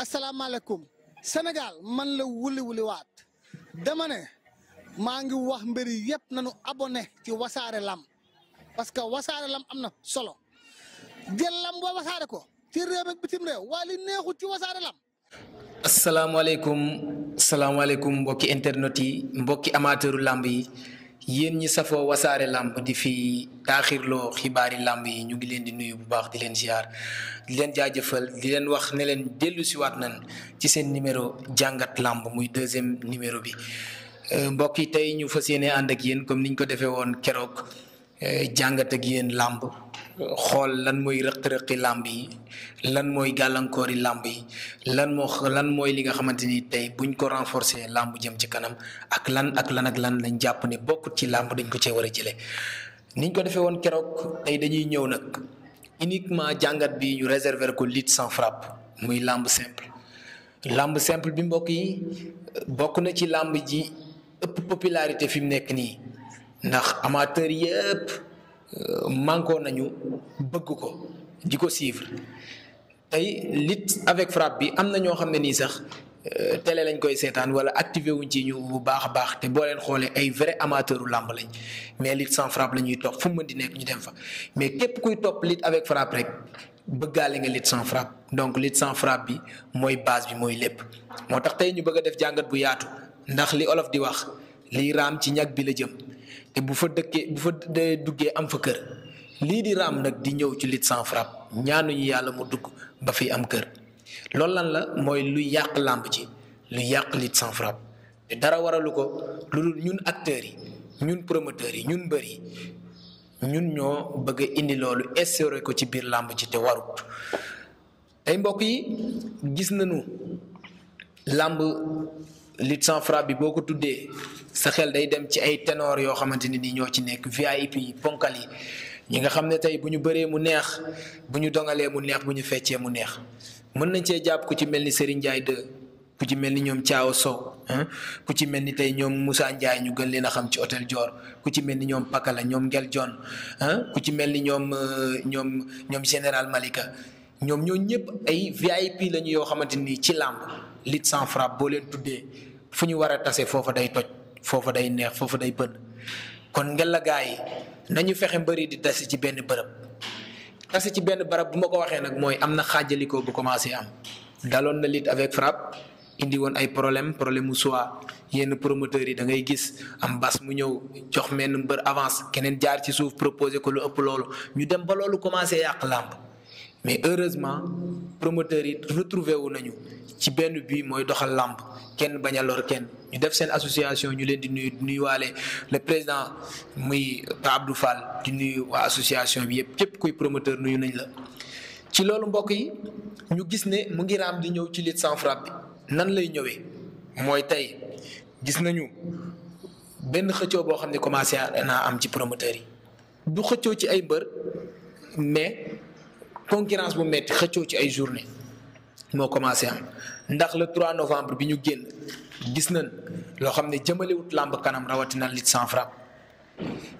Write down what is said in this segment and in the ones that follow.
asalaamaaleykum Sénégal man la wuli wuli waat dama ne maa ngi wax mbir yëpp nañu abonné ci wasaare lam parce que wasaare lam am na solo jël lam boo wasaare ko ci réew ak bitim réew waa li neexul ci wasaare lam. asalaamaaleykum salaamaaleykum mbokki internet yi mbokki amateuru lamb yi. yéen ñi safoo wasaare làmb di fi taaxirloo xibaari làmb yi ñu ngi leen di nuyu bu baax di leen ziar di leen jaajëfal di leen wax ne leen dellu na nañ ci seen numéro jàngat làmb muy deuxième numéro bi euh, mbokk yi tey ñu fas yéene ànd ak yéen comme niñ ko defee woon keroog euh, jàngat ak yéen làmb xool lan mooy rëq-rëqi làmb yi lan mooy gàllankoori làmb yi lan moo lan mooy li nga xamante ni tey buñ ko renforcer làmb jëm ci kanam ak lan ak lan lan lañ jàpp ne bokkut ci làmb dañ ko cee war a jëlee niñ ko defee woon keroog tey dañuy ñëw nag uniquement jàngat bi ñu réserver ko lutte sans frappe muy làmb simple làmb simple bi mbokk yi bokk na ci làmb ji ëpp popularité fi mu nekk nii ndax amateur yëpp. manko nañu bëgg ko di ko suivre tey lutte avec frappe bi am na ñoo xam ne nii sax euh, tele lañ koy seetaan wala activé wuñ ci ñu bu baax a baax te boo leen xoolee ay vrai amateuru làmb lañ mais lit sans frappe la ñuy topp fu mu mën di nekk ñu dem fa mais képp kuy topp lutte avec frappe rek bëggaale nga lutte sans frappe donc lutte sans frappe bi mooy base bi mooy lépp moo tax tey ñu bëgg a def jàngat bu yaatu ndax li olof di wax liy raam ci ñag bi la jëm. te bu fa dëkkee bu fa duggee am fa kër lii di raam nag di ñëw ci lutte sans frappe ñaanuñu yàlla mu dugg ba fi am kër loolu lan la mooy lu yàq làmb ci lu yàq lutte sans te dara waralu ko lu dul ñun acteurs yi ñun promoteurs yi ñun mbër yi ñun ñoo bëgg indi loolu instauré ko ci biir làmb ci te warut tey mbokk yi gis nañu làmb lutte sans bi boo ko tuddee. sa xel day dem ci ay ténor yoo xamante ni nii ñoo ci nekk VIP yi ponkal yi ñi nga xam ne tey bu ñu bëree mu neex bu ñu dongalee mu neex bu ñu feccee mu neex mën nañ cee jàpp ku ci mel ni Serigne Ndiaye 2 ku ci mel ni ñoom Thiaw Sow ku ci mel ni tey ñoom Moussa Ndiaye ñu gën leen a xam ci hôtel joor ku ci mel ni ñoom Pakala ñoom Ngel John ku ci mel ni ñoom euh, ñoom ñoom général Malika ñoom ñoo ñëpp ay VIP lañu yoo xamante ni ci làmb lit sans frappe boo leen tuddee fu ñu war a tase foofa day toj. foofa day neex foofa day bënn kon ngel yi nañu fexe mbëri di tase ci benn bërëb tase ci benn barab bu ma ko waxee nag mooy am na xaajalikoo bu commencé am daloon na lit avec frappe indi woon ay problème problème mu soit yenn promoteurs yi da ngay gis am bas mu ñëw jox menn mbër avance keneen jaar ci suuf proposé ko lu ëpp loolu ñu dem ba loolu commencé yàq làmb mais heureusement promoteurs yi retrouvé wu nañu ci benn bii mooy doxal làmp kenn bañ a lor kenn ñu def seen association ñu leen di nuyu di nuyuwaale le président muy Pa Abdou Fall di nuyu waa association bi yëpp képp kuy promoteur nuyu nañ la. ci loolu mbokk yi ñu gis ne mu ngir am di ñëw ci lutte sans frappe bi nan lay ñëwee mooy tey gis nañu benn xëccoo boo xam ne commencé naa am ci promoteurs yi du xëccoo ci ay mbër mais. concurrence bu metti xëccoo ci ay journée moo commencé am ndax le trois novembre bi ñu génn gis nañ loo xam ne jëmalewut làmb kanam rawatina lutte sans frappe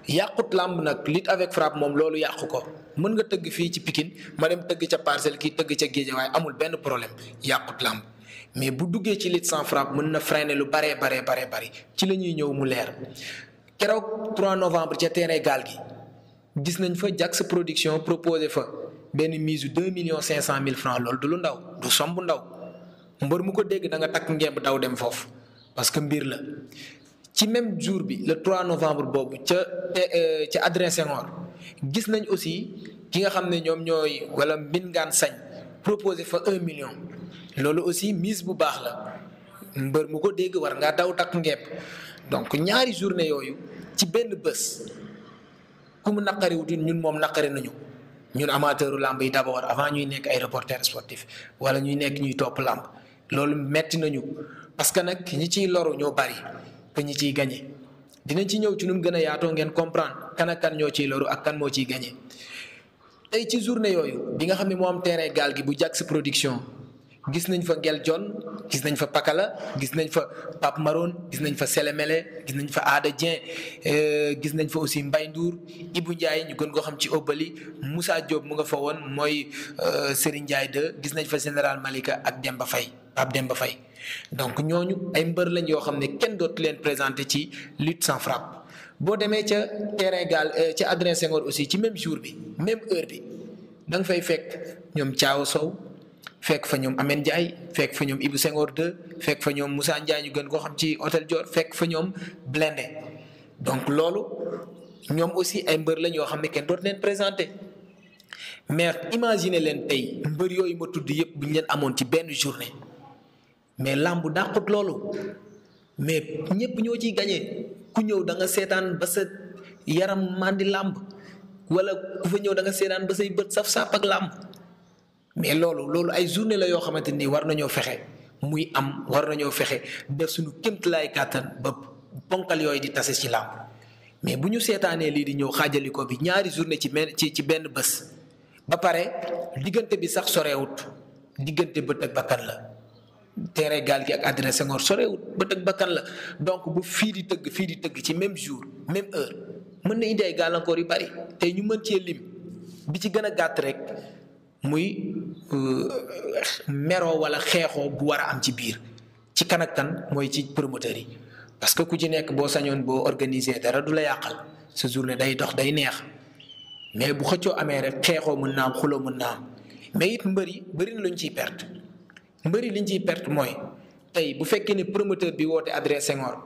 yàqut làmb nag lutte avec frappe moom loolu yàqu ko mën nga tëgg fii ci Pikine ma dem tëgg ca parcelle kii tëgg ca Guédiawaye amul benn problème yàqut làmb mais bu duggee ci lit sans frappe mën na freiner lu baree baree baree bari ci la ñuy ñëw mu leer keroog 3 novembre ca terrain gaal gi gis nañ fa benn mise deux millions cinq cent mille francs loolu du lu ndaw du somb ndaw mbër mu ko dégg da nga takk ngemb daw dem foofu parce que mbir la. ci même jour bi le trois novembre boobu ca eh, eh, ca Adrien Senghor gis nañ aussi ki nga xam ne ñoom ñooy walla wala Mbingaan Sañ proposé fa un million loolu aussi mise bu baax la mbër mu ko dégg war ngaa daw takk ngepp donc ñaari journée yooyu ci benn bés ku mu naqariwutin ñun moom naqari nañu. ñun amateuru làmb yi d'abord avant ñuy nekk ay reporter sportif wala ñuy nekk ñuy topp làmb loolu metti nañu parce que nag ñi ciy loru ñoo bari te ñi ciy gañe dinañ ci ñëw ci nu mu gën a yaatoo ngeen comprendre kan kan ñoo ciy loru ak kan moo ciy gañe tey ci journée yooyu bi nga xam ne moo am gaal gi bu Jax production gis nañ fa Ngel John gis nañ fa Pakala gis nañ fa Pape Maroon gis nañ fa Selemele gis nañ fa Aada Dieng euh, gis nañ fa aussi Mbaye Ndour Ibou Ndiaye ñu gën goo xam ci Obali Moussa Diop mu nga fa woon mooy euh, Serigne Ndiaye de gis nañ fa général Malika ak Demba Faye Pape Demba fay donc ñooñu ay mbër lañ yoo xam ne kenn dootu leen présenté ci lutte sans frappe boo demee ca terrain Gaal euh, ca Adrien Senghor aussi ci même jour bi même heure bi da nga fay fekk ñoom caaw Sow. fekk fa ñoom Amène Ndiaye fekk fa ñoom Ibou Senghor 2 fekk fa ñoom Moussa Ndiaye ñu gën koo xam ci hôtel joor fekk fa ñoom Blindé donc loolu ñoom aussi ay mbër lañ yoo xam ne kenn dootu leen présenté mais imagine leen tey mbër yooyu ma tudd yëpp bu ñu leen amoon ci benn journée mais làmb dàqut loolu mais ñëpp ñoo ci gañe ku ñëw danga seetaan ba sa yaram mandi làmb wala ku fa ñëw da nga seetaan ba say bët saf-saf ak làmb mais loolu loolu ay journée la yoo xamante ni war nañoo fexe muy am war na nañoo fexe def suñu kéemtalaay kàttan ba ponkal yooyu di tase ci làmb mais bu ñu seetaanee lii di ñëw ko bi ñaari journée ci benn ci ci benn bés. ba pare diggante bi sax sorewut diggante bët ak bakkan la terrain gaal gi ak Adrien Senghor sorewut bët ak bakkan la donc bu fii di tëgg fii di tëgg ci même jour même heure mën na indi ay gàllankoor yu bari te ñu mën cee lim bi ci gën a gàtt rek. muy euh, meroo wala xeexoo bu war a am ci biir ci kan kan mooy ci promoteur yi parce que ku ci nekk boo sañoon boo organiser dara du la yàqal sa journée day dox day neex mais bu xëccoo amee rek xeexoo mën naa xuloo mën naa mais it mbër yi bëri na luñ ciy perte mbëri liñ ciy perte mooy tey bu fekkee ni promoteur bi woote adresse Senghor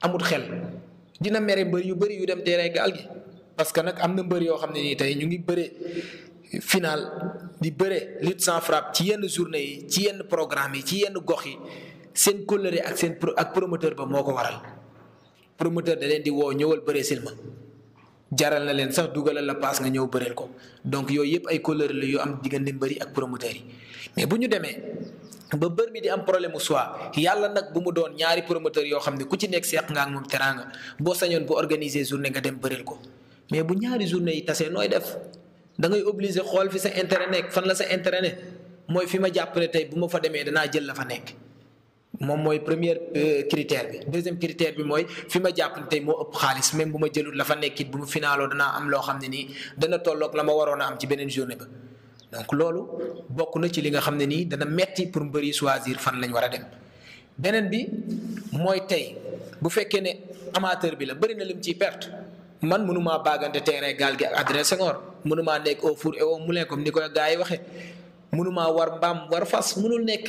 amut xel dina mere bër yu bëri yu dem terrain gaal gi parce que nag am na mbër yoo xam ne nii tey ñu ngi bëree final di bëre lutte sans frappe ci yenn journée yi ci yenn programme yi ci yenn gox yi seen kóllëre ak seen ak promoteur ba moo ko waral promoteur da leen di woo ñëwal bëree sil ma jaral na leen sax dugalal la paas nga ñëw bëreel ko donc yooyu yëpp ay kóllëre la yu am diggante mbëri ak promoteur mais bu ñu demee ba bër di am problème mu soit yàlla nag bu mu doon ñaari promoteur yoo xam ne ku ci nekk seq nga ak moom teraanga boo sañoon bu organiser journée nga dem bëreel ko mais bu ñaari journée yi tasee nooy def. da ngay obligé xool fi sa intérêt nekk fan la sa intérêt mooy fi ma jàpp ne tey bu ma fa demee danaa jël la fa nekk moom mooy première euh, critère bi deuxième critère bi mooy fi ma jàpp ne tey moo ëpp xaalis même bu ma jëlul la fa nekk bu mu finaaloo danaa am loo xam ne nii dana tollook la ma waroon am ci beneen journée ba donc loolu bokk na ci li nga xam ne nii dana metti pour mbëri choisir fan lañ war a dem beneen bi mooy tey bu fekkee ne amateur bi la bëri na lim ciy perte man mënumaa baagante terrain gaal gi ak Adrien mënumaa nekk au four et au moulin comme ni koy gars yi waxee mënumaa war mbaam war fas mënul nekk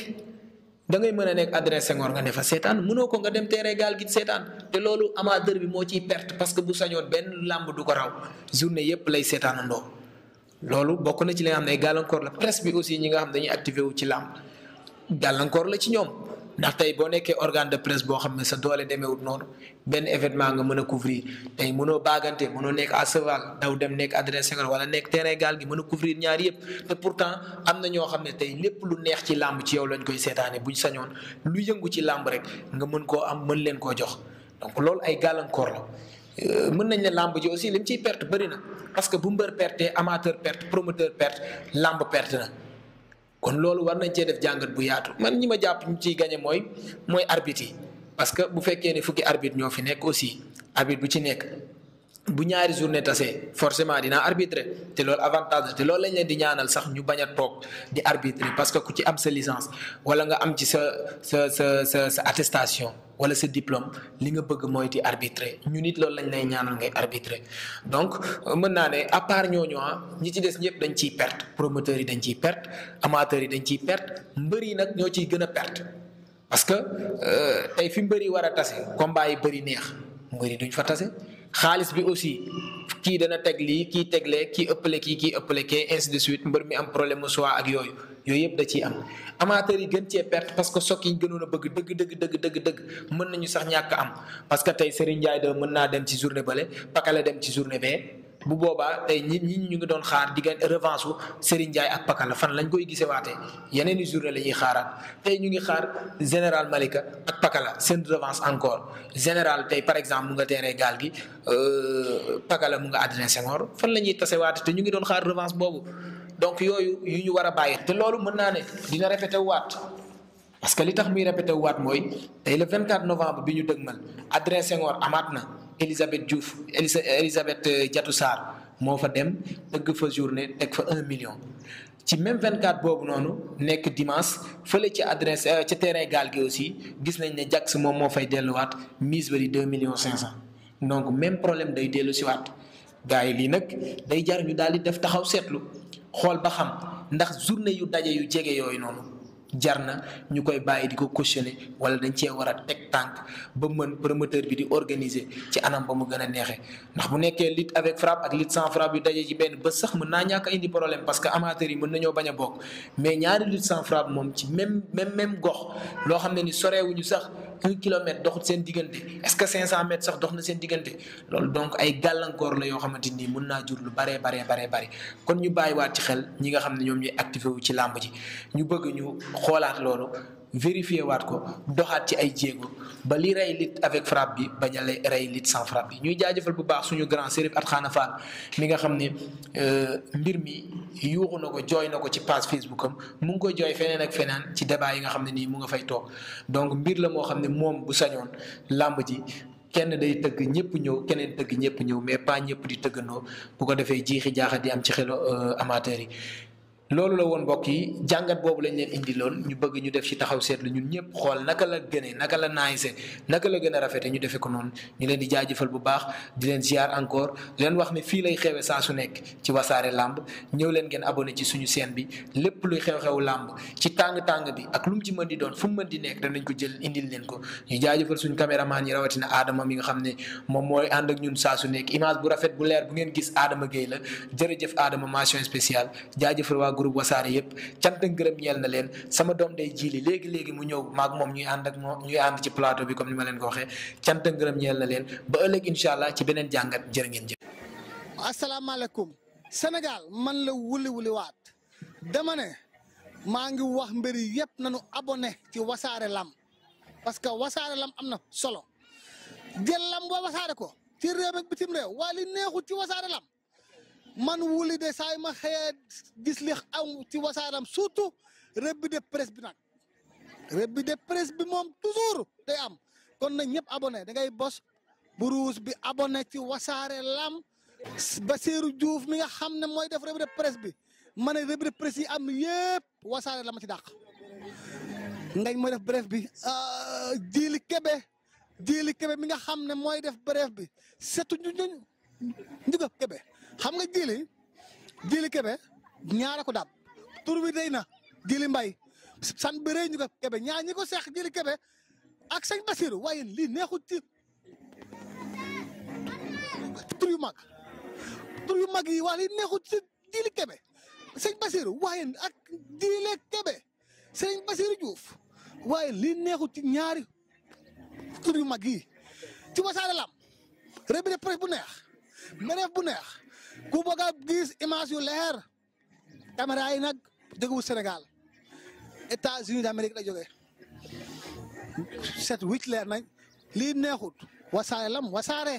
da ngay mën a nekk Adrien Senghor nga ne fa seetaan mënoo ko nga dem teere gaal gi seetaan te loolu amateur bi moo ciy perte parce que bu sañoon benn làmb du ko raw journée yëpp lay seetaanandoo loolu bokk na ci li nga xam ne gàllankoor la presse bi aussi ñi nga xam dañuy activé wu ci làmb gàllankoor la ci ñoom. ndax tey boo nekkee organe de presse boo xam ne sa doole demeewut noonu benn événement nga mën a couvrir tey mënoo baagante mënoo nekk à cheval daw dem nekk adressé wala nekk terrain gaal gi mën a couvrir ñaar yëpp te pourtant am na ñoo xam ne tey lépp lu neex ci làmb ci yow lañ koy seetaane buñ sañoon lu yëngu ci làmb rek nga mën koo am mën leen koo jox donc loolu ay gàllankoor la euh, mën nañ ne làmb ji aussi lim ciy perte bëri na parce que bu mbër perte amateur perte promoteur perte làmb perte na. kon loolu war nañ cee def jàngat bu yaatu man ñi ma jàpp ñu ciy gañe mooy mooy arbitre yi parce que bu fekkee ne fukki arbitre ñoo fi nekk aussi arbitre bu ci nekk bu ñaari journée tase forcément dina arbitrer te loolu avantage te loolu lañ leen di ñaanal sax ñu bañ a toog di arbitrer parce que ku ci am sa licence wala nga am ci sa sa sa sa sa attestation wala sa diplôme li nga bëgg mooy di arbitrer ñu nit loolu lañ lay ñaanal ngay arbitrer donc mën naa ne à part ñooñu ah, ñi ci des ñëpp dañ ciy perte promoteurs yi dañ ciy perte amateurs yi dañ ciy perte mbër yi nag ñoo ciy gën a perte parce que euh, tey fi mbër yi war a tase combat yi bëri neex mbër yi fa tase. xaalis bi aussi kii dana teg lii kii tegle kii ëpp kii kii ëppale kee ainsi de suite mbër mi am problème mu choix ak yooyu yooyu yëpp da ciy am amateur yi gën cee perte parce que soog yi gënoon bëgg dëgg dëgg dëgg dëgg dëgg mën nañu sax ñàkk am parce que tey Serigne Ndiaye da mën naa dem ci journée bale Pakala dem ci journée bee bu boobaa tey ñi ñi ñu ngi doon xaar diggante revanche su Serigne Ndiaye ak Pakala fan lañ koy gisewaatee yeneen i journée la ñuy xaaraat tey ñu ngi xaar général Malika ak Pakala seen revanche encore général tey par exemple mu nga teeree gaal gi euh, Pakala mu nga Adrien Senghor fan la ñuy tasewaatee te ñu ngi doon xaar revanche boobu donc yooyu yu ñu war a bàyyi. te loolu mën naa ne dina répété waat. parce que li tax muy répété waat mooy tey le 24 novembre bi ñu dëgmal Adrien Senghor amaat na. Elisabeth Diouf Elisabeth euh, Diatou Sarr moo fa dem tëgg fa journée teg fa un million ci même 24 boobu noonu nekk dimanche fële ci adresse euh, ca terrain gaal gi aussi gis nañ ne Jax moom moo fay delluwaat mise ba di 2 millions 500 donc même problème day dellu si waat gars yi lii nag day jar ñu daal di def taxaw seetlu xool ba xam ndax journée yu daje yu jege yooyu noonu. jar na ñu koy bàyyi di ko cautionner wala dañ cee war a teg tànk ba mën promoteur bi di organiser ci anam ba mu gën a neexee ndax bu nekkee lutte avec frappe ak lutte sans frappe yu dajee ci benn ba sax mën naa ñàkk a indi problème parce que amateurs yi mën nañoo bañ a bokk mais ñaari lutte sans frappe moom ci même même même xam ne ni soreewuñu sax un kilomètre doxut seen diggante est-ce que 500 mètres sax dox na seen diggante loolu donc ay gàllankoor la yoo xamante ni mën naa jur lu bare baree bare bëri kon ñu bàyyiwaat ci xel ñi nga xam ne ñoom ñuy activé wu ci làmb ji ñu bëgg ñu xoolaat loolu vérifier waat ko doxaat ci ay jéego ba li rey lutte avec frappe bi bañ a rey lutte sans frappe bi ñuy jaajëfal bu baax suñu grand Chérif Atkhana Fall mi nga xam ne euh, mbir mi yuuxu na ko jooy na ko ci page Facebook am mu ngi koy jooy feneen ak feneen ci débat yi nga xam ne nii mu nga fay toog donc mbir la moo xam ne moom bu sañoon làmb ji kenn day tëgg ñëpp ñëw keneen tëgg ñëpp ñëw mais pas ñëpp di tëggandoo bu ko defee jiixi jaaxa di am ci xelu euh, amateur yi loolu la woon mbokk yi jàngat boobu lañ leen indi loon ñu bëgg ñu def ci taxaw seetlu ñun ñëpp xool naka la gënee naka la naayse naka la gën a rafete ñu defee ko noonu ñu leen di jaajëfal bu baax di leen ziar encore leen ne fii lay xewe saa su nekk ci wasaare làmb ñëw leen ngeen abonné ci suñu chaîne bi lépp luy xew-xewu làmb ci tàng-tàng bi ak lu ci mën di doon fu mu mën di nekk danañ ko jël indil leen ko ñu jaajëfal suñu caméraman yi rawatina Adama mi nga xam ne moom mooy ànd ak ñun saa su nekk image bu rafet bu leer bu ngeen gis Adama géey la jërëjëf Adama mention spéciale jaajëfal waa groupe wasaare yëpp cant ak ngërëm leen sama doom day jiili léegi léegi mu ñëw maag moom ñuy ànd ak moom ñuy ànd ci plateau bi comme ni ma leen ko waxee cant ak ngërëm ñeel na leen ba ëllëg incha allah ci beneen jàngat jërë ngeen jëf. asalaamaaleykum Sénégal man la wuli wuli waat dama ne maa ngi wax mbir yëpp nañu abonné ci wasaare lam parce que wasaare lam am na solo jël lam boo wasaare ko ci réew ak bitim réew waa li neexul ci wasaare lam. man wuli de saa yi ma xëyee gis li am ci wasaaram surtout revue de presse bi nag revue de presse bi moom toujours day am kon nag ñëpp abonné da ngay bos buruus bi abonné ci wasaare lam Bassirou Diouf mi nga xam ne mooy def revue de presse bi ma ne revue de presse yi am yëpp wasaare la ma ci dàq ngañ mooy def bref bi jiili kebe jiili kebe mi nga xam ne mooy def bref bi setu ñu ñu kebe xam nga jili jili kebe ñaara ko dab tur wi day na jili mbay san bëree ñu ko kebe ñaar ñi ko seex jili kebe ak sëñ Basiru waaye lii neexut ci tur mag tur yu mag yi waa lii ci jili kebe sëñ Basiru waaye ak jili kebe sëñ Basiru Diouf waaye lii neexut ci ñaari tur yu mag yi ci Wassare Lamb de presse bu neex meneef bu neex ku bëgg gis image yu leer caméra yi nag jógewul Sénégal États-Unis d'Amérique la jógee set wicc leer nañ lii neexut wasaare lam wasaare